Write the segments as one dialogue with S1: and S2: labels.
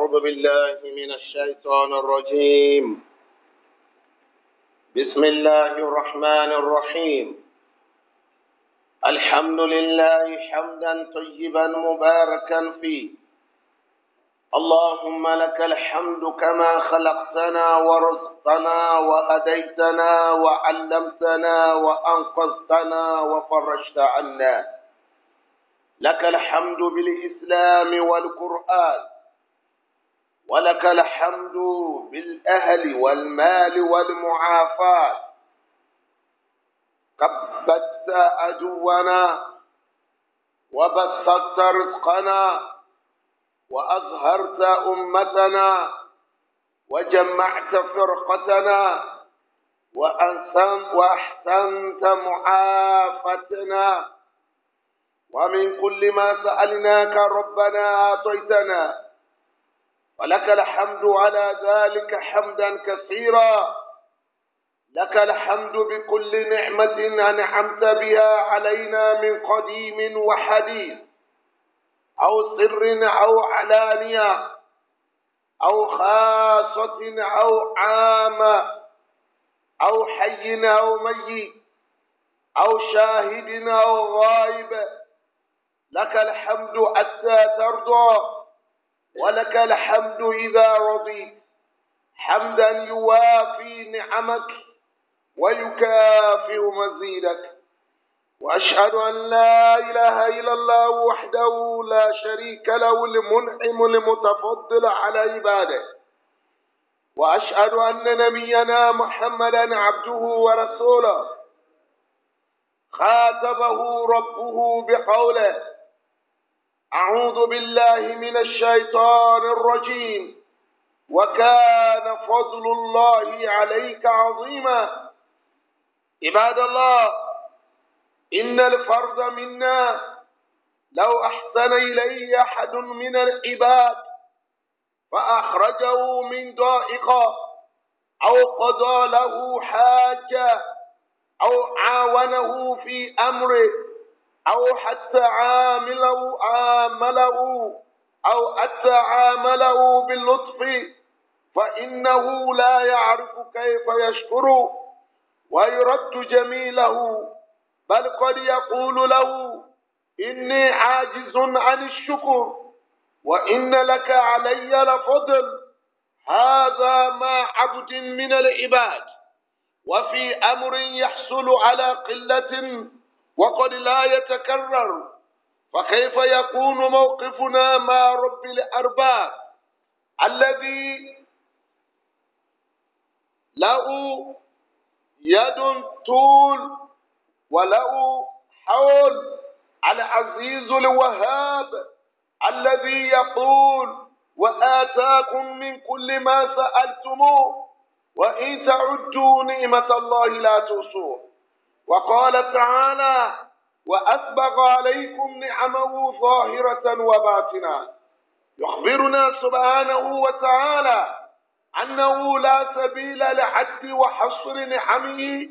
S1: أعوذ بالله من الشيطان الرجيم بسم الله الرحمن الرحيم الحمد لله حمدا طيبا مباركا فيه اللهم لك الحمد كما خلقتنا ورزقتنا وهديتنا وعلمتنا وأنقذتنا وفرجت عنا لك الحمد بالإسلام والقرآن ولك الحمد بالأهل والمال والمعافاة كبدت أجونا وبسطت رزقنا وأظهرت أمتنا وجمعت فرقتنا وأحسنت معافتنا ومن كل ما سألناك ربنا أعطيتنا ولك الحمد على ذلك حمدا كثيرا لك الحمد بكل نعمة أنعمت بها علينا من قديم وحديث أو سر أو علانية أو خاصة أو عامة أو حي أو ميت أو شاهد أو غائب لك الحمد حتى ترضى ولك الحمد إذا رضيت حمدا يوافي نعمك ويكافئ مزيدك وأشهد أن لا إله إلا الله وحده لا شريك له المنعم المتفضل على عباده وأشهد أن نبينا محمدا عبده ورسوله خاتبه ربه بقوله أعوذ بالله من الشيطان الرجيم وكان فضل الله عليك عظيما عباد الله إن الفرد منا لو أحسن إلي أحد من العباد فأخرجه من ضائقة أو قضى له حاجة أو عاونه في أمره أو حتى عامله عامله أو حتى عامله باللطف فإنه لا يعرف كيف يشكر ويرد جميله بل قد يقول له إني عاجز عن الشكر وإن لك علي لفضل هذا ما عبد من العباد وفي أمر يحصل على قلة وقد لا يتكرر فكيف يكون موقفنا مع رب الأرباب الذي له يد طول وله حول العزيز الوهاب الذي يقول وآتاكم من كل ما سألتموه وإن تعدوا نعمة الله لا تحصوها وقال تعالى وأسبغ عليكم نعمه ظاهرة وباطنة يخبرنا سبحانه وتعالى أنه لا سبيل لحد وحصر نعمه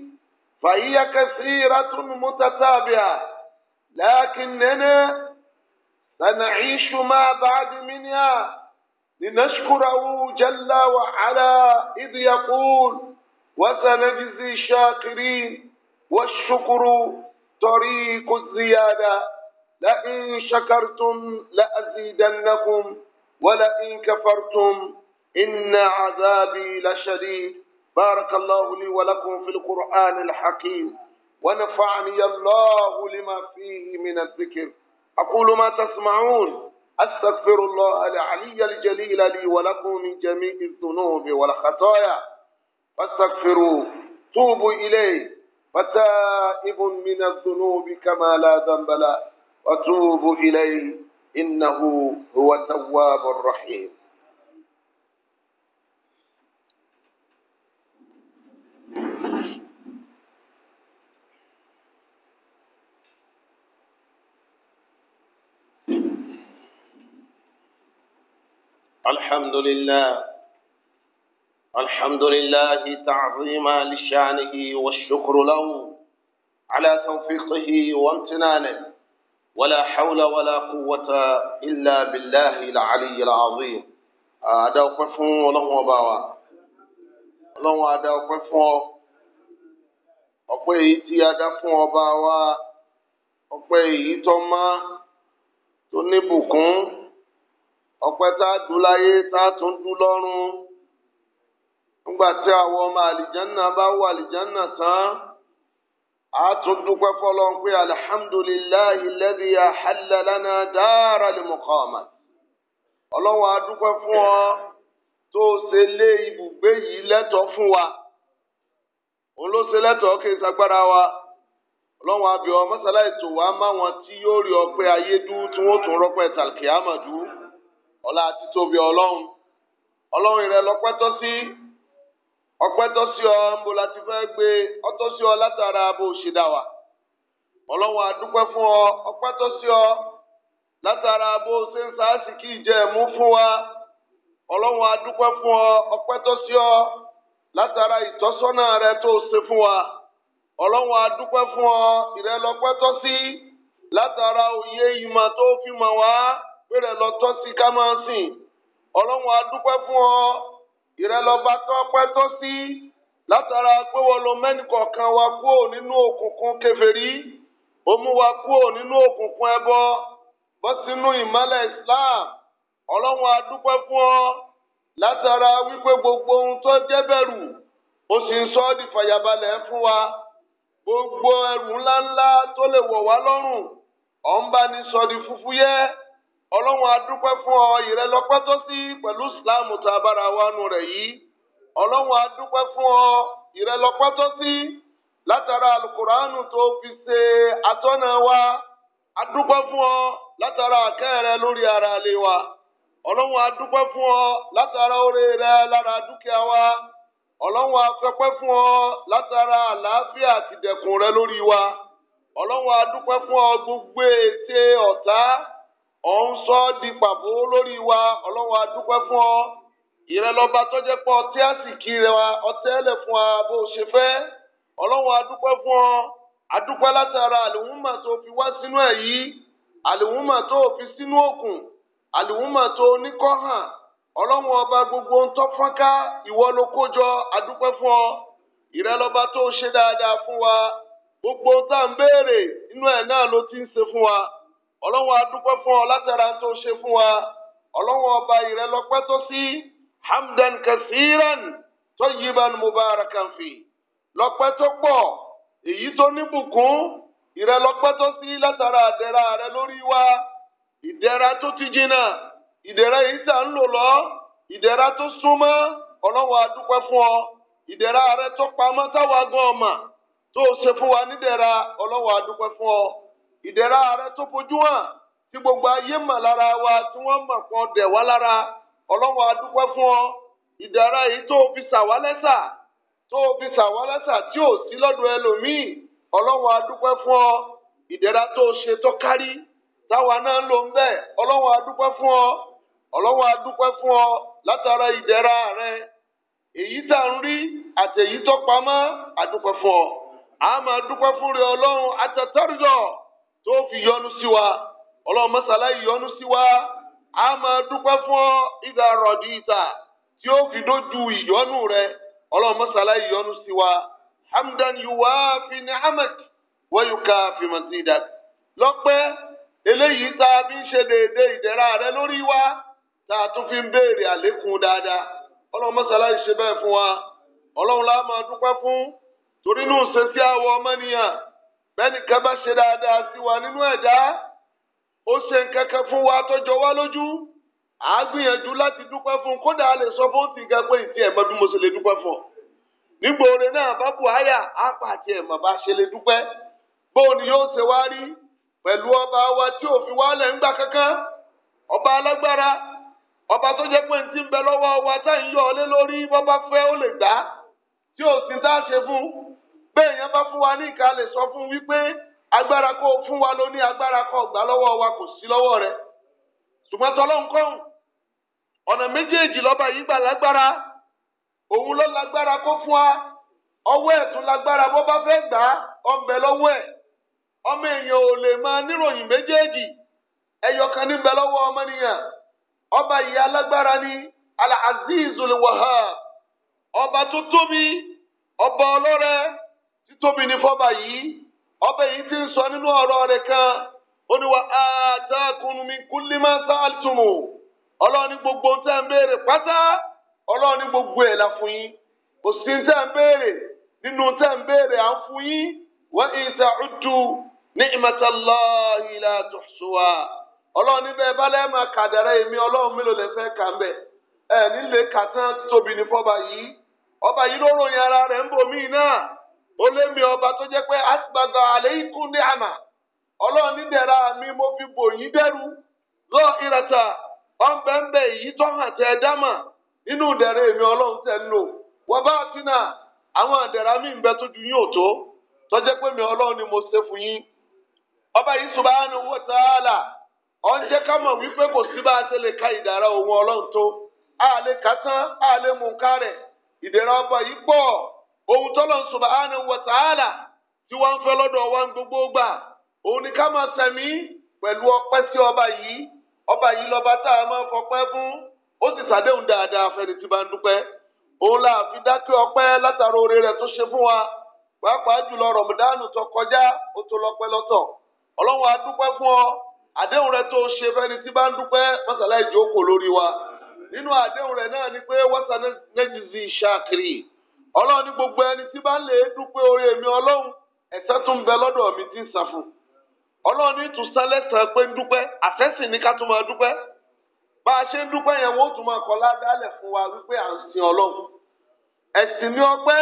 S1: فهي كثيرة متتابعة لكننا سنعيش ما بعد منها لنشكره جل وعلا إذ يقول وسنجزي الشاكرين والشكر طريق الزيادة لئن شكرتم لأزيدنكم ولئن كفرتم إن عذابي لشديد بارك الله لي ولكم في القرآن الحكيم ونفعني الله لما فيه من الذكر أقول ما تسمعون أستغفر الله العلي الجليل لي ولكم من جميع الذنوب والخطايا فاستغفروه توبوا إليه فتائب من الذنوب كما لا ذنب له وتوب إليه إنه هو التواب الرحيم الحمد لله الحمد لله تعظيما لشانه والشكر له على توفيقه وامتنانه ولا حول ولا قوة إلا بالله العلي العظيم ada ọpẹ́ fún Ọlọ́run ọba wa Ọlọ́run ada ọpẹ́ fún ọ ọpẹ́ èyí tí a dá fún ọba wa ọpẹ́ èyí tó má tó níbùkún ọpẹ́ tá a dùn láyé tá a tún dùn lọ́run ńgbà tí àwọn ọmọ àlìjánná bá wọ àlìjánná tán a tún dúpẹ́ fọlọ́n pé alihamdulilayi lẹ́bi ahalalana dára lè muqama ọlọ́wọ́n a dúpẹ́ fún ọ tó ṣe lé ibùgbé yìí lẹ́tọ̀ọ́ fún wa òun ló ṣe lẹ́tọ̀ọ́ kí n sagbára wa ọlọ́wọ́n abiyọ mọ́sálásí tó wá máwọn tí yóò rí ọpẹ́ ayédú tí wọ́n tún rọ́pẹ́ tàlkìámọ̀dú ọlá àti tóbi ọlọ́run ọlọ́run rẹ sí. ọpẹ́ tó sí ọ ńbo la gbé ọtọ́ sí ọ látara bó o ṣe dá wa ọlọwọ àdúpẹ́ fún ọ ọpẹ́ tó sí ọ látara bó o ṣe ń sáàsì kí ìjẹ́ mú fún wa ọlọwọ àdúpẹ́ fún ọ ọpẹ́ tó sí ọ látara ìtọ́sọ́nà rẹ tó o ṣe fún wa ọlọwọ àdúpẹ́ fún ọ ìrẹ́ lọ́pẹ́ tó sí látara òye ìmọ̀ tó fi mọ̀ wá pé rẹ̀ lọ́tọ́ sí ká máa sìn ọlọ́run àdúpẹ́ fún ọ. ìrẹ́lọ́ba tó pẹ́ tó sí látara pé wọ́n lo mẹ́nìkọ̀ọ̀kan wa kúrò nínú òkùnkùn kèfèrí ó mú wa kúrò nínú òkùnkùn ẹbọ bọ́ sínú ìmọ́lẹ̀ Islam ọlọ́run adúpẹ́ fún ọ látara wípé gbogbo ohun tó jẹ́ bẹ̀rù ó sì ń sọ ọ́ di fàyàbalẹ̀ fún wa gbogbo ẹrù ńláńlá tó lè wọ̀ wá lọ́rùn ọ̀ ń bá ní sọ di fúfúyẹ́ ọlọ́run adúpẹ́ fún ọ ìrẹ́lọ́pẹ́ tó sí pẹ̀lú islam tá a wa nù rẹ̀ yìí ọlọ́run adúpẹ́ fún ọ ìrẹ́lọ́pẹ́ tó sí látara alukuraanu tó fi ṣe atọ́nà wa adúpẹ́ fún ọ látara akẹ́rẹ́ lórí ara lè wa ọlọ́run adúpẹ́ fún ọ látara oore rẹ wa ọlọ́run afẹ́pẹ́ fún ọ látara àlàáfíà rẹ wa ọlọ́run adúpẹ́ fún gbogbo ète ọ̀tá. ọ̀ ń sọ di pàbó lórí wa ọlọ́wọ́ adúpẹ́ fún ọ ìrẹ́lọ́ba tọ́jẹ́ pọ̀ tí àsìkí rẹ wa ọtẹ́lẹ̀ fún wa bó o ṣe fẹ́ ọlọ́wọ́ adúpẹ́ fún ọ adúpẹ́ látara tó fi wá sínú ẹ̀ yìí àlùmọ́ tó fi sínú òkun àlùmọ́ tó oníkọ́ hàn ọba gbogbo ń tọ́ fọ́nká ìwọ ló kójọ adúpẹ́ fún ọ tó fún wa gbogbo tá à ń béèrè inú ti ń fún wa. ọlọ́wọ́n adúpẹ́ fún ọ látara tó ṣe fún wa ọlọ́wọ́n ọba ìrẹ́lọ́pẹ́ tó sí hamdan kasiran tayyiban mubarakan fi lọ́pẹ́ tó pọ̀ èyí tó níbùkún ìrẹ́lọ́pẹ́ tó sí látara àdẹ̀ra rẹ lórí wa ìdẹ̀ra tó ti jìnnà ìdẹ̀ra èyí tà ń lò lọ ìdẹ̀ra tó súnmọ́ ọlọ́wọ́n adúpẹ́ fún ọ ìdẹ̀ra rẹ tó pamọ́ táwa gan ọmọ tó ṣe fún wa nídẹ̀ra ọlọ́wọ́n adúpẹ́ fún ọ. ìdẹ̀ra rẹ tó fojú hàn tí gbogbo ayé mọ̀ lára wa tí wọ́n mọ̀ kọ́ dẹ̀ wá lára ọlọ́wọ́ adúpẹ́ fún ọ ìdẹ̀ra yìí tó fi sàwálẹ́sà tó fi sàwálẹ́sà tí ò sí lọ́dọ̀ ẹlòmíì ọlọ́wọ́ adúpẹ́ fún ọ ìdẹ̀ra tó ṣe tó kárí táwa náà ló ń bẹ̀ adúpẹ́ fún ọ adúpẹ́ fún ọ látara rẹ èyí tá tó fi yọ́nú sí wa ọlọ́run mọ́sálá ìyọ́nú sí wa a máa dúpẹ́ fún ìdá rọ̀dí ìta tí ó fi dójú ìyọ́nú rẹ ọlọ́run mọ́sálá sí wa hamdan yuwa fi ni hamak wọ́yùká fi mazida lọ́pẹ́ eléyìí tá a fi ń ṣe rẹ lórí wa tá a tún fi ń béèrè àlékún fún wa ọlọ́run máa fún torí inú bẹ́ẹ̀ni kan bá ṣe dáadáa sí wa nínú ẹ̀dá ó ṣe nǹkan kan fún wa tọ́jọ́ wa lójú à á gbìyànjú láti dúpẹ́ fún un kódà a lè sọ fún ti gan pé ìtì ẹ̀mọ́ bí mo ṣe lè dúpẹ́ fún ọ. àyà á bá ṣe lè dúpẹ́ bóun ni yóò ṣe wá rí pẹ̀lú ọba wa tí ò fi wálẹ̀ ń kankan ọba alágbára ọba tó jẹ́ pé ń bẹ́ẹ̀ yẹn bá fún wa ní ìka lè sọ fún wípé agbára kó fún wa ló ní agbára kó gbà lọ́wọ́ wa kò sí lọ́wọ́ rẹ̀ ṣùgbọ́n tọ́lọ́nkọ́hùn ọ̀nà méjèèjì lọ́ba yìí gbà lágbára òun ló lágbára kó fún wa ọwọ́ ẹ̀tún lágbára bó bá fẹ́ gbà á lọ́wọ́ ẹ̀ ọmọ èèyàn ò lè máa níròyìn méjèèjì ẹyọkan níbẹ̀ lọ́wọ́ ọmọnìyàn ọba ni títóbi ní fọba yìí ọba yìí ti ń sọ nínú ọ̀rọ̀ kan ó ní wa ataakum min kulli ọlọ́ọ̀ni gbogbo tẹ́ ń béèrè pátá ọlọ́ọ̀ni gbogbo ẹ̀ la fún yín kò sí tẹ́ ń béèrè nínú tẹ́ ń béèrè à ń fún la ọlọ́ọ̀ni bẹ́ẹ̀ bálẹ̀ máa èmi mélòó lè fẹ́ kà ń bẹ̀ ẹ̀ nílé títóbi ní yìí ọba yìí ó lé ọba tó jẹ́ pé asibaga aleikum ní ọlọrun ọlọ́run nídẹ̀ra mi mo fi bò yín dẹ́rù lọ tó hàn ẹ dámà nínú èmi ń lò bá ti nà àwọn ìdẹ̀ra mi ń bẹ tó mi mo ṣe fún ọba yìí subhanahu wa ta'ala ó ń jẹ́ ká mọ̀ wípé kò sí bá a ṣe lè ka ìdàrà òun tó a kásán ọba yìí ohun tọ́lọ̀ subhanahu wa ta'ala tí wọ́n ń fẹ́ lọ́dọ̀ wa gbogbo gbà òun ni ká máa sẹ̀mí pẹ̀lú ọpẹ́ sí ọba yìí ọba yìí lọ́ba tá a máa fọpẹ́ fún ó sì sàdéhùn dáadáa fẹ́ni tí bá ń la fi dákẹ́ ọpẹ́ látara oore rẹ̀ tó ṣe fún wa pàápàá jùlọ rọ̀mùdánù tó kọjá ó tó lọ́pẹ́ lọ́tọ̀ ọlọ́run dúpẹ́ fún ọ àdéhùn rẹ tó ṣe fẹ́ni tí bá ń dúpẹ́ ọlọ́run ní gbogbo ẹni tí bá lè dúpẹ́ orí ọlọ́run ẹ̀sẹ̀ tún ń bẹ lọ́dọ̀ mi ń san fún ọlọ́run ní lẹ́sàn-án pé ń dúpẹ́ ní ká máa dúpẹ́ bá a ṣe ń dúpẹ́ yẹn wọ́n tún máa kọ́ ládàálẹ̀ wípé à ń sin ọlọ́run ẹ̀sìn ní ọpẹ́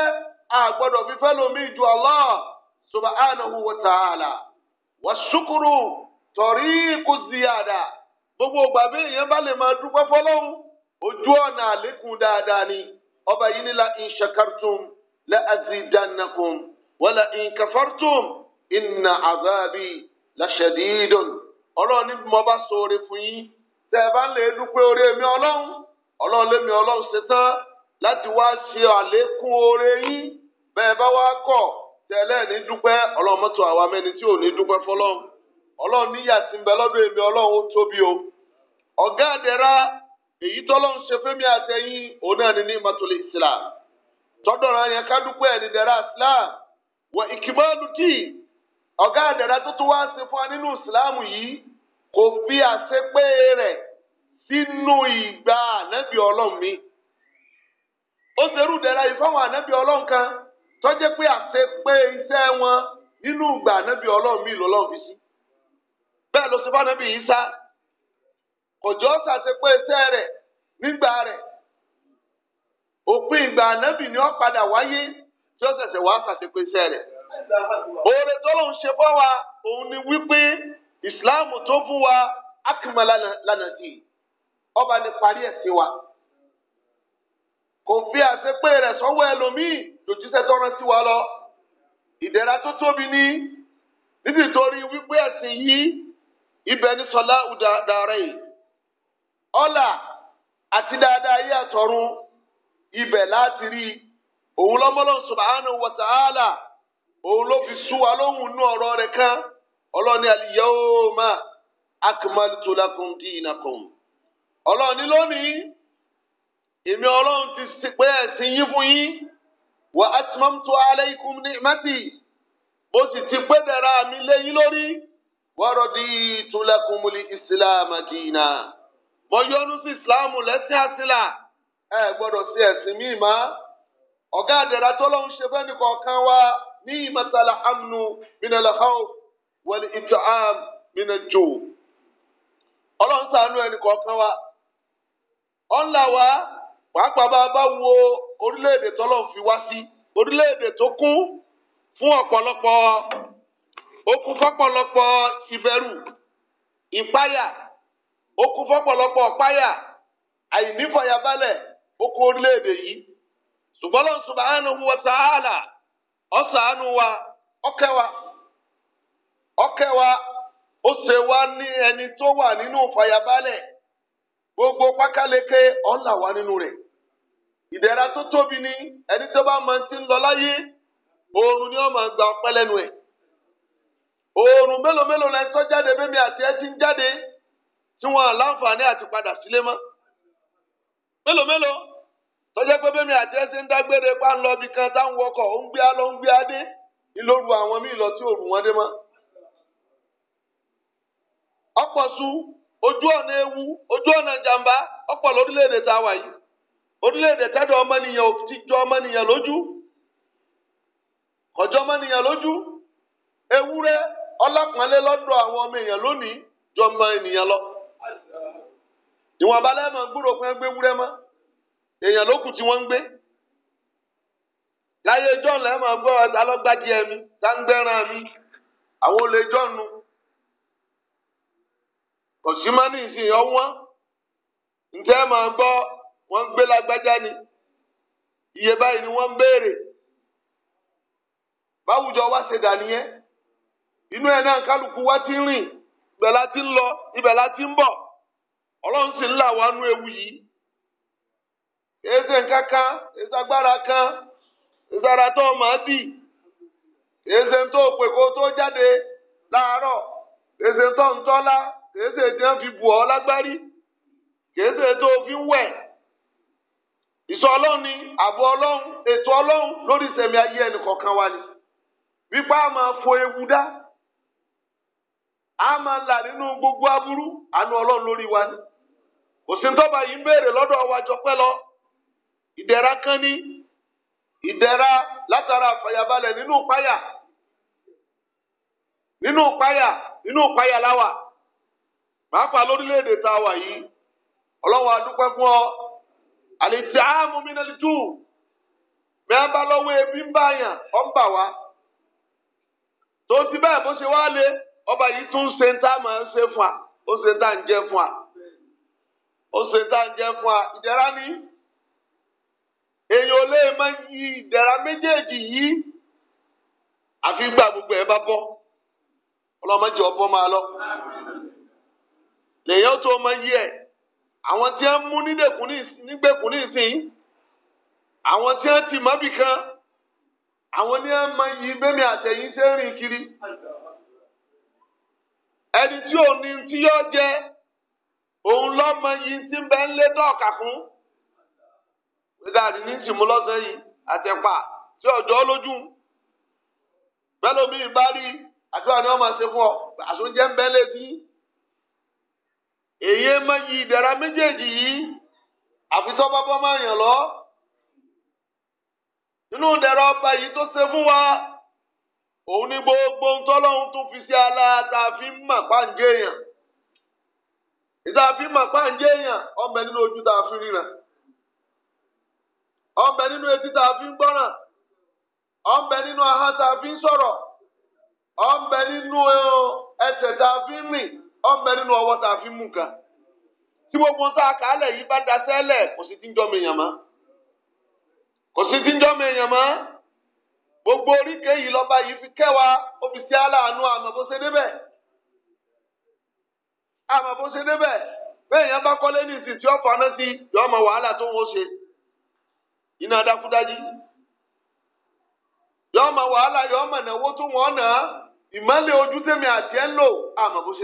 S1: a gbọ́dọ̀ fi fẹ́ lomi ju Allah wa ta'ala ṣukuru ọba ni la in shakartum la azidannakum wala in kafartum inna la mo bá ṣoore fún yín tẹ́ ẹ bá lè dúpẹ́ orí èmi ọlọ́run ọlọ́run lèmi ọlọ́run ṣe tán láti wá ṣe àlékún oore yín yi. bá wá kọ̀ tẹ́lẹ̀ àwa tí ò ní ń bẹ ó tóbi o èyí tọ́lọ́ ń ṣe fẹ́mi àtẹ̀yìn òun náà ní ní matoli islam tọ́dọ̀ yẹn wọ ìkìmọ́lù ọ̀gá àdẹ̀rà tó tún wá ṣe fún nínú islam yìí kò fi àṣepé rẹ̀ sínú ìgbà ànábì ọlọ́run ó ṣerú yìí fáwọn ànábì ọlọ́run pé àṣepé iṣẹ́ ìgbà ànábì òjò ṣàṣepé iṣẹ́ rẹ̀ nígbà rẹ̀ òpin ìgbà ànábì ni ó padà wáyé tí ó ṣẹ̀ṣẹ̀ wá rẹ̀ oore tọ́lọ́hún ṣe fọ́ wa òun ni wípé ìsìláàmù tó fún wa akíma lánàá ọba ní parí wa kò fi àṣepé rẹ̀ sọ́wọ́ ẹlòmíì lòjíṣẹ́ tó rántí wa lọ tó tóbi ní nítorí wípé ẹ̀sìn ọlà àti dáadáa ayé àtọ̀run ibẹ̀ láti rí òun lọ́mọ́lọ́n subhanahu wa ta'ala òun ló fi sú wa lóhùn inú kan ọlọ́ni lakum dinakum ọlọ́ni lónìí èmi ọlọ́run ti pé ẹ̀sìn yín fún wa atmamtu alaykum ni'mati mo sì ti pé dẹ̀ra mi lé yín lórí islam dina. mo yọnu sí ìsìláàmù lẹ́sìn àsìlà ẹ gbọ́dọ̀ sí ẹ̀sìn míì má ọ̀gá àdẹ̀rà tọ́lọ́hún ṣe fẹ́ nìkọ̀ọ̀kan wa ní ìmọ̀sálà amnu minal khawf wal it'am minal ju' ọlọ́run ṣàánú ẹnì kọ̀ọ̀kan wa ọ̀nlà wa pàápàá bá a bá wo orílẹ̀-èdè tọ́lọ́hún fi wá sí orílẹ̀-èdè tó kún fún ọ̀pọ̀lọpọ̀ ó kún fọ́pọ̀lọpọ̀ ìbẹ̀rù ìpáyà. ó kún fọ́pọ̀lọpọ̀ páyà àìnífọ̀yàbálẹ̀ ó kún orílẹ̀-èdè yìí ṣùgbọ́n lọ́n subhanahu wa ta'ala ọ̀sánú wa ọkẹwa ọkẹwa ó ṣe wá ní ẹni tó wà nínú ìfọ̀yàbálẹ̀ gbogbo pákáleke ọlà wà nínú rẹ̀ ìdẹ̀ra tó tóbi ni ẹni tó bá máa ti ń lọ láyé oorun ni máa gba oorun mélòó mélòó jáde àti ẹ ti ń jáde. tí wọn láǹfààní àti padà sílé mọ́ mélòó mélòó tọjá pé bẹmí àjẹsí ń dágbére pa ń lọ bí kan táwọn wọkọ̀ ń gbé á lọ ń gbé á dé ìlóru àwọn míì ewu ojú ọ̀nà tá a wà yìí ọmọnìyàn ò ti jọ ọmọnìyàn lójú kọjọ́ ọmọnìyàn lójú ewúrẹ́ ọlápọ̀nlé lọ́dọ̀ àwọn ọmọ èèyàn lónìí jọmọ ènìyàn lọ. ìwọ̀nba lẹ́mọ̀ ń gbúrò fún ẹgbẹ́ wúrẹ́ mọ́ èèyàn ló tí wọ́n ń gbé láyé john lẹ́mọ̀ gbọ́ ọ̀tá lọ́gbàdì ẹ̀mí táǹgbẹ́ràn mi àwọn olè john nu kòsímánì ìsìn ọ̀wọ́n ǹjẹ́ ẹ̀ máa gbọ́ gbé lágbájá ni iye báyìí ni wọ́n ń béèrè báwùjọ wá ṣe dà nìyẹn inú ẹ̀ náà kálukú wá ti ń rìn ibẹ̀ la ti ń lọ ibẹ̀ la ti ń bọ̀ ọlọ́run sì ń là wá nú ewu yìí èsè kankan èsè agbára kan èsè ara tó máa dì èsè tó pè kó tó jáde láàárọ̀ èsè tó ń tọ́lá èsè tí wọ́n fi bù ọ́ lágbárí èsè tó fi ń wẹ̀ ìsọ ọlọ́run ni àbọ̀ ọlọ́run ètò ọlọ́run lórí ìsẹ̀mí ayé ẹnì kọ̀ọ̀kan wa ni wípé a máa fo ewu dá. a máa là nínú gbogbo aburú anú ọlọ́run lórí wa ni kò sí tọ́ba yìí ń béèrè lọ́dọ̀ wa jọpẹ́ lọ ní látara àfàyàbalẹ̀ nínú páyà nínú ìpayà nínú ìpayà láwà pàápàá lórílẹ̀‐èdè tá a wà yìí ọlọ́wọ́ adúpẹ́ fún ọ àlejò àmú mi ebi ń bá yàn bà wá tó ti ọba yìí tún ṣe ń tá máa ń ṣe fún wa ó ṣe tá ń jẹ fún wa ó ṣe tá ń jẹ fún wa ìdẹ̀ra ni èèyàn lè máa yí ìdẹ̀ra méjèèjì yìí àfi gbà gbogbo ẹ̀ bá bọ́ ọlọ́mọdé ọ̀bọ máa lọ lèyàn tó ọmọ yí ẹ̀ àwọn tí wọ́n mú nígbèkùn ní àwọn tí wọ́n ti mọ́bì kan àwọn ni wọ́n máa yí bẹ́mi àtẹ̀yìn tẹ́ kiri. ẹni tí ò ní tí yọ jẹ òun lọmọ yìí tí ń bẹ ń lé dọ́ọ̀kà fún gàrí ní tìmú lọ́sẹ̀ yìí àtẹ̀pà tí ọjọ́ lójú bẹ́lómi bá rí àdúrà ni wọ́n máa ṣe fún ọ ma ń bẹ létí èyí mọ yìí ìdára méjèèjì yìí àfitọ́ bábọ́ máa yàn lọ nínú ìdára ọba wa. òun ní gbogbo ń tọ́lọ́hún tún fi sí ala tá a fi ń mà páǹjẹ́ èèyàn ìta fi ń mà páǹjẹ́ èèyàn ọmọ nínú ojú tá a fi ríran ọmọ nínú etí tá a fi ń gbọ́ràn ọmọ nínú ahọ́n tá a fi ń sọ̀rọ̀ ọmọ nínú ẹsẹ̀ tá a fi ń rìn ọmọ nínú ọwọ́ tá fi ń mú nǹkan tí gbogbo ń yìí bá ti ń jọ́ mi èèyàn mọ́ kò sí ti ń jọ́ mi èèyàn gbogbo oríkè yìí lọ́ba yìí fi kẹwàá ó fi sí aláàánú àmọ́ bó ṣe débẹ̀ àmọ́ bó ṣe yẹn bá kọ́lé ní ìsìn tí ó fọná sí yọ ọmọ wàhálà tó ń wọ́n ṣe iná dákúdájí yọ ọmọ wàhálà yọ ọmọ ìnáwó tó wọ́n nà ìmọ̀lẹ̀ ojú àti ẹ̀ ń lò bó ṣe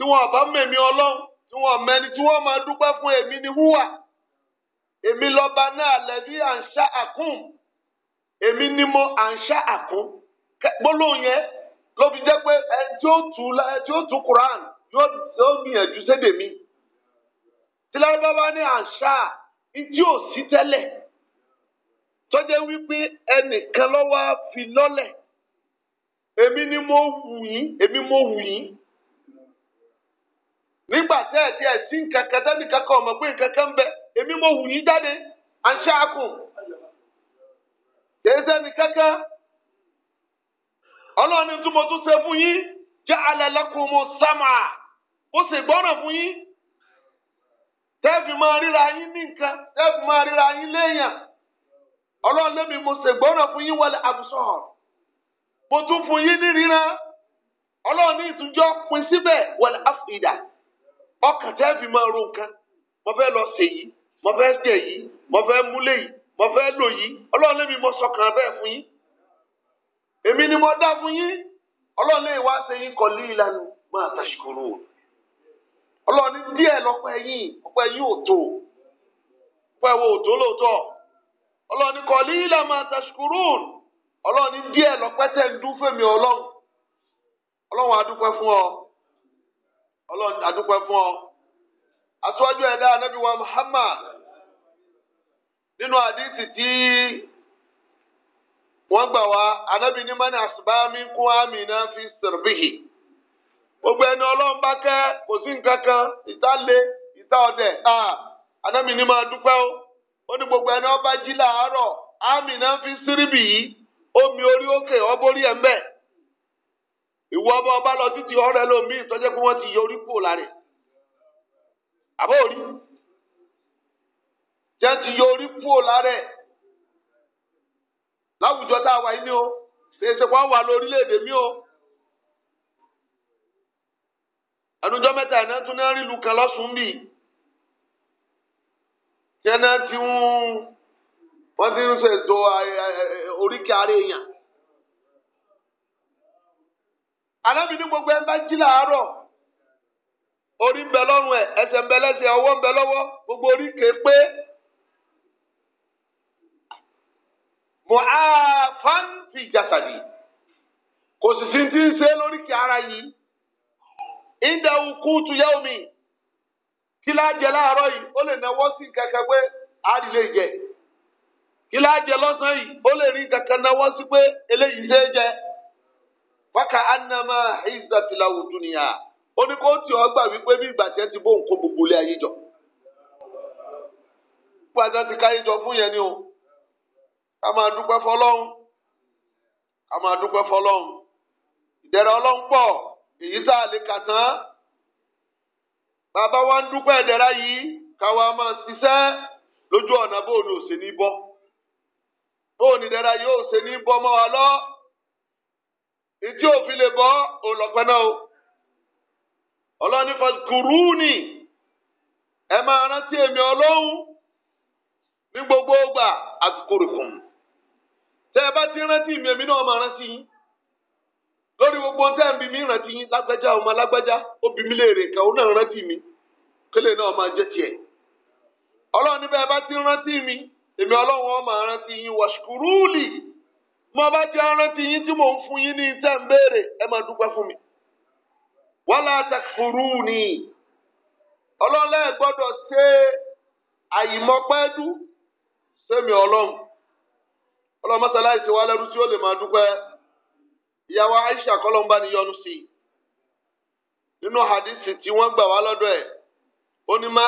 S1: tí wọn bá mẹ̀mí ọlọ́run tí wọn mẹni tí wọn máa dúpẹ́ fún èmi ni wúwà èmi lọ́ba náà lẹ́bí àǹṣá àkùn èmi ni mo àǹṣá àkùn gbólóhùn yẹn ló fi jẹ́ pé ẹni tí ó tú Quran yóò gbìyànjú sédè mi tí lárúbáwá ní àǹṣá ìdí ò sí tẹ́lẹ̀ tọ́jẹ́ wípé ẹnìkan lọ́wọ́ fi lọ́lẹ̀ èmi ni mo wù yín èmi mo wù yín. nígbà tẹ́ tí ẹ̀ sí nǹkan kan kankan ń bẹ èmi mo wù yín jáde à ń ṣe àkùn kankan ọlọ́run ní tí mo tún ṣe fún yín jẹ́ mo sámà ó sì gbọ́ràn fún yín tẹ́ẹ̀fì máa ríra yín ní nǹkan tẹ́ẹ̀fì máa ríra yín léèyàn ọlọ́run mo sì gbọ́ràn fún yín wọlé mo tún fún yín ní ríran ọlọ́run ọkàn tẹ́ máa ro nǹkan mo fẹ́ lọ sè yìí mo fẹ́ jẹ yìí mo fẹ́ múlẹ̀ yìí mo fẹ́ lò yìí ọlọ́run lèmi mo sọkàn bẹ́ẹ̀ fún yín èmi ni mo dá fún yín ọlọ́run ṣe yín kọ́lí ìlànà máa tàṣìkòrò ọlọ́run ní díẹ̀ lọ́pọ̀ ẹ̀yìn ẹ̀yìn òtò ẹ̀wọ̀ òtò lóòótọ́ ọlọ́run ní kọ́lí ìlànà máa tàṣìkòrò ọlọ́run ní díẹ̀ lọ́pẹ́ tẹ̀ ń ọlọ́run ọlọ́run á dúpẹ́ fún ọ. ọlọ́run adúpẹ́ fún ọ. aṣáájú ẹ̀dá anábì wa Muhammad nínú àdìsí tí wọ́n gbà wá anábì ní mani asibami kún àmì náà fi sèrèbìhì. gbogbo ẹni ọlọ́run bá kò sí nǹkan kan ìta le ìta ọ̀dẹ̀ ní máa dúpẹ́ o. ó ní gbogbo ẹni ọba jí làárọ̀ àmì náà fi sírìbì omi orí òkè ẹ̀ ìwọ ọba ọba lọ títí ọ̀rẹ́ lomi ìtọjẹ pé wọn ti yọ kúrò lára àbọ òrí jẹ ti yọ kúrò láwùjọ wà yín ni o ṣèṣe kó wà mi o mẹ́ta ẹ̀ tún náà rí ìlú kan bì náà ti ń anábì ní gbogbo ẹ̀ ń bá jí làárọ̀ orí ń bẹ lọ́rùn ẹ̀ ẹsẹ̀ ń bẹ lẹ́sẹ̀ ń bẹ gbogbo orí kèé pé mọ̀áfán fi kò sì sí ti ń ṣe lóríkì ara yìí ìdá ukú tuyá omi kí láàjẹ láàárọ̀ yìí ó lè náwó sí kankan pé lè jẹ kí lọ́sàn yìí lè rí kankan náwó sí pé eléyìí ṣe wákà anamá ìzàtìlá òdùnìyà o ní kó tí ọ gbà wípé bí ti bó nǹkan gbogbo ayé jọ ti jọ fún yẹn ni o ká máa dúpẹ́ fọlọ́hún ká máa dúpẹ́ fọlọ́hún ìdẹ̀rẹ̀ ọlọ́hún pọ̀ èyí tá a lè kà tán bàbá wa ń dúpẹ́ yìí káwa máa ṣiṣẹ́ lójú ọ̀nà bóun ni ò ṣe ní bọ́ bóun ìtí òfin lè bọ́ òlọ́pẹ́ náà o ọlọ́ni fàkùrúùnì ẹ máa rántí èmi ní gbogbo ọgbà àtúkòrìkùn tẹ ẹ bá ti rántí mi èmi náà máa rántí yín lórí gbogbo ohun tẹ ẹ ń bí mi rántí yín lágbájá ọmọ lágbájá ó bí mi léèrè kan ó náà rántí mi kélé náà máa jẹ mo bá ti rántí yín tí mò ń fún yín ní tẹ́ ẹ máa fún mi. wala takfuruni ni ẹ̀ gbọdọ ṣe àyìmọ́pẹ́dú sẹ́mi ọlọ́run ọlọ́run mọ́sálásí wa lẹ́rú tí ó lè máa dúpẹ́ ìyàwó Aisha kọ́lọ́n bá ní yọ́nú sí i nínú hadisi tí wọ́n gbà wá lọdọ ẹ ó ní má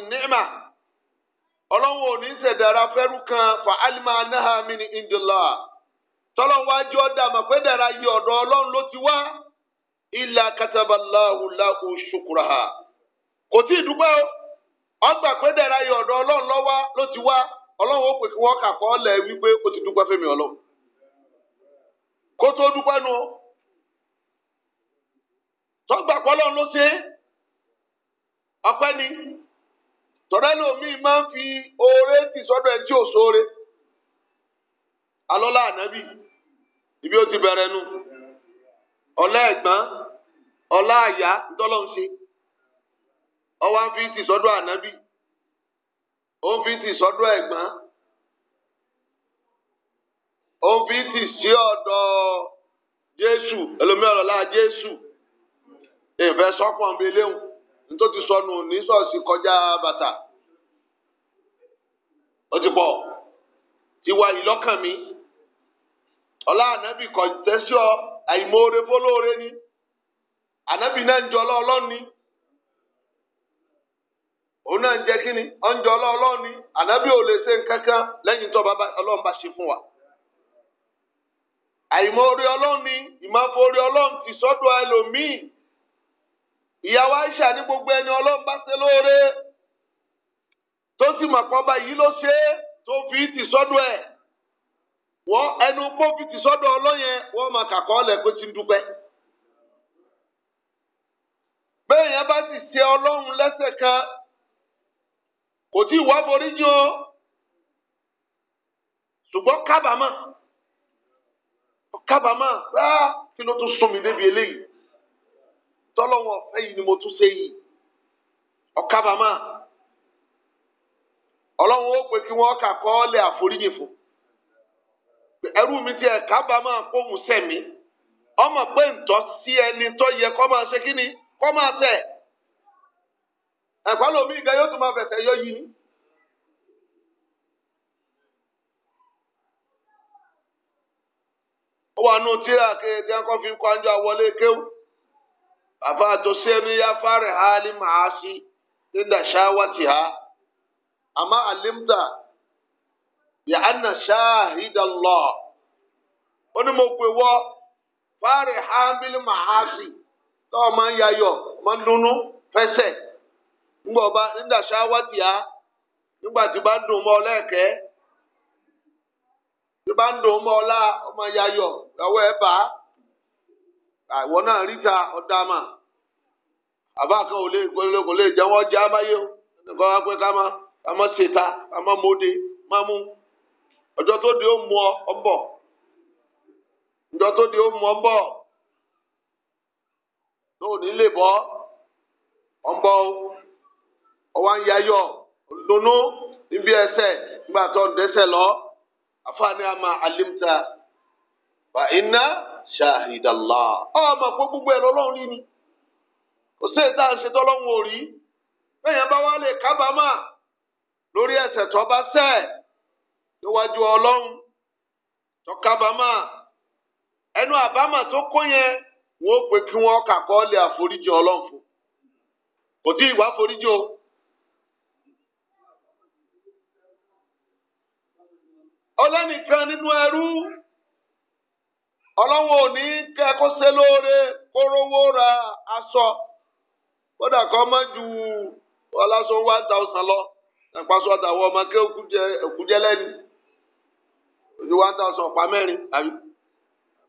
S1: ni'ma. ọlọ́wọ́ ò ní fẹ́rú kan fa alima anaha mi ni indila dàmà pé yí ọ̀dọ̀ ọlọ́run ló ti wá ilà katabalahu lahu shukuraha kò tí ì dúpẹ́ o ọgbà pé yí ọ̀dọ̀ ọlọ́run lọ́wọ́ ló ti wá ọlọ́run ó pè kí wọ́n kà kọ́ lẹ̀ wípé ó ti dúpẹ́ fẹ́mi ọlọ́run kó tó dúpẹ́ nu tọ́gbà pọ́lọ́run ló ṣe ọpẹ́ ni. tọ́lá omi máa ń fi oore tì sọ́dọ̀ ẹ tí sóore alọ́lá ànábì ibi ó ti bẹ̀rẹ̀ nu ọlá ẹ̀gbọ́n ọlá àyà ńtọ́lọ́ ọwọ́ ń fi tì sọ́dọ̀ ànábì ó fi tì sọ́dọ̀ ẹ̀gbọ́n ó fi ti sí ọ̀dọ̀ Jésù Jésù ìfẹ́ sọ́kàn bíi léwu sọnù ní kọjá ó ti pọ̀ ti wá yìí lọ́kàn mi ọlá ànábì kọ̀ǹtẹ́sọ̀ àìmoore fọlóore ni ànábì náà ń jọ ọlọ́ọ̀lọ́ọ̀ ni òun náà ń jẹ́ kí ni ó ń ni ànábì ò lè ṣe nǹkan kan lẹ́yìn tó fún wa ọlọ́run ni ọlọ́run ti sọ́dọ̀ ẹlòmíì Aisha ní gbogbo ẹni tó sì mọ̀ pọ́n bá yìí ló ṣe é tó fi ti sọ́dọ̀ ẹ̀ wọ́n ẹnu pọ́ fi ti sọ́dọ̀ ọlọ́yẹn wọ́n máa kàkọ́ lẹ̀ pé ti ń dúpẹ́. bẹ́ẹ̀ yẹn bá sì ṣe ọlọ́run lẹ́sẹ̀ kan kò tí ì wá foríjì o ṣùgbọ́n kábàámọ̀ kábàámọ̀ ráà kí ló tún sún mi débi eléyìí tọ́lọ́wọ́n ọ̀fẹ́ ni mo tún ṣe yìí ọ̀kábàámọ̀. ọlọ́run ó pè kí wọ́n kà kọ́ lé àforíjì fún ẹrú mi tiẹ̀ kábàámọ̀ kóhùn sẹ̀mí ọmọ pé ntọ́ sí ẹni tó yẹ kọ́ máa ṣe kí ni kọ́ máa tẹ̀ ẹ̀kọ́ lomi ìgbà yóò tún máa fẹsẹ̀ yọ yìí ó wà nù tíra kéèké fi kọ́ àwọlé kéwù bàbá àtòsí ẹni yá ama ale mba ya anasha ịda ụlọ ọnụ m'okpue wụọ kwari ha bilima hafi ta ọ ma ya yọ ma nnụnụ fese mgbe ọ bụ anasha wadị ya mgbe ati gbandu m ti ba ati gbandu m ọla ọ ma yayo yọ gawa ịba ka ịwụna rita odama dama aba a ka ole e ole e ji a n'oje amaghị ewu n'oge agwet ama. àmọ́ ṣèta ama m'ode tó di ó mú ọ tó di ó mú ọ ní lè bọ́ ọ ń bọ́ ọwọ́ níbi nígbà tó ń lọ àfààní àmà wà iná ṣàhìdàlá ọmọ pé gbogbo ẹ rí ni kò sí yẹn bá wà lórí ẹ̀ṣẹ̀ tó bá ṣẹ̀ níwájú Ọlọ́run tó kábàámà ẹnu àbámà tó kó yẹn wọn ó pè kí wọn kàkọ́ lé àforíjì Ọlọ́run fún kò tí ìwà àforíjì o. nínú ẹrú ọlọ́wọ́n ò ní ṣe lóore ẹ̀pàṣọ àtàwọn ọmọ kí òkújẹ lẹ́nu ojú one thousand ọ̀pá mẹ́rin àbí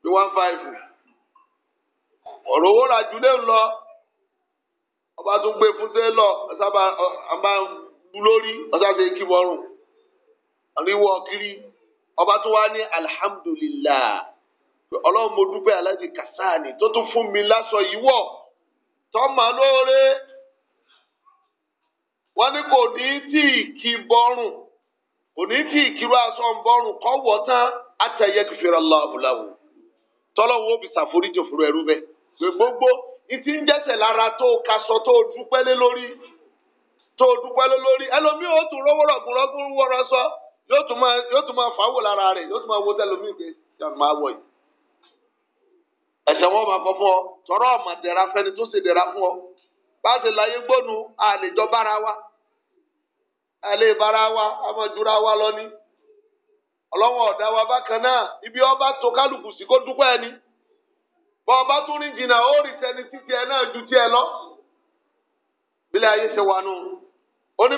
S1: ojú one five ọ̀rọ̀ owó ràjú lè lọ ọba tún gbé fún télọ̀ ọ̀sábà ọba bu lórí ọ̀sáṣe kí wọ́rùn àríwọ̀ kiri ọba tún wá ní alhamdulillah ọlọ́run mo dúpẹ́ aláàjì kàsáàní tó tún fún mi lásọ yìí wọ̀ tọ́ màá lóore. wọ́n ní kò ní tí ìkí bọ́rùn kò ní tí ìkírú aṣọ ń bọ́rùn kọ́ wọ́ tán àtẹ̀yẹ kìfìrà láwùláwù tọ́lọ́wọ́ ẹrú bẹ́ẹ̀ gbogbo ìtí ń jẹ́sẹ̀ lára tó kaṣọ tó dúpẹ́ lé lórí tó dúpẹ́ lé lórí ẹlòmíì ó tún rọ̀gùn sọ yóò tún máa fàáwò lára rẹ̀ yóò tún máa wo ẹsẹ wọn máa fún ọ tọrọ ọmọ dẹra fẹni tó wa alẹ́ ìbára wa a máa jura wa lọ ní bákan náà ibi ọba tó kálukú sí kó dúpẹ́ ẹni bọ́ ọba tún rìn jìnnà ó rí tẹni títí ẹ náà ju tiẹ̀ lọ bílẹ̀ ayé ṣe wà nù ti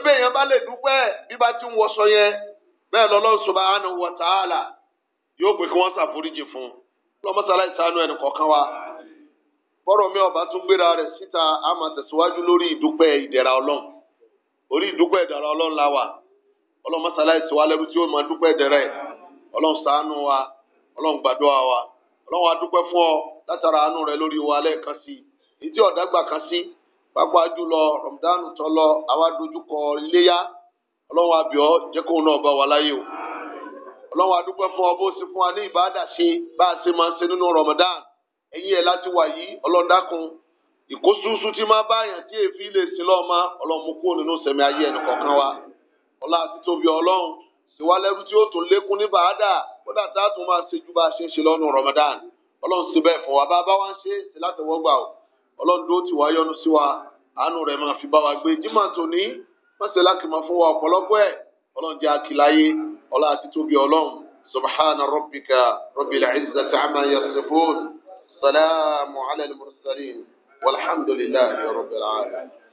S1: ń wọṣọ yẹn yóò pè kí fún ẹnì wa mi ọba tún gbéra síta orí ìdúpẹ́ ìdára ọlọ́run la wà ọlọ́run mọ́sálásí wa lẹ́rú tí ó máa dúpẹ́ ìdẹ̀rẹ̀ ọlọ́run ṣàánú wa ọlọ́run gbàdúrà wa ọlọ́run wa dúpẹ́ fún ọ látara àánú rẹ lórí wa lẹ́ẹ̀kan sí i ìdí ọ̀dá gbà kan sí pápá jùlọ rọ̀mùdánù tọ́ lọ àwa dojúkọ iléyá ọlọ́run wa bìọ́ jẹ́ kóun náà bá wa láyé o ọlọ́run wa dúpẹ́ fún ọ bó ṣe fún wa ní ìbáàdà ṣe bá a ṣe máa ń ṣe nínú rọ̀mùdánù ìkóṣuṣu tí máa bá yàn tí èéfì lè sí lọ́ọ̀má ọlọ́mú kúrò nínú sẹ̀mí ayé ẹnì kọ̀ọ̀kan wa ọlá àti tóbi ọlọ́run ìwálẹ́rú tí ó tún lékún ní bàádà kódà tá a tún máa ṣe ju bá a ṣe ń ṣe lọ́nu Ramadan ọlọ́run sì bẹ́ẹ̀ fún wa bá a bá wá ń ṣe sí látẹ̀wọ́gbà o ọlọ́run tó ti wá yọ́nú sí wa àánú rẹ̀ máa fi bá wa gbé jimá tòní mọ̀sẹ̀ lákìmọ̀ fún wa ọ̀pọ̀lọpọ̀ والحمد لله رب العالمين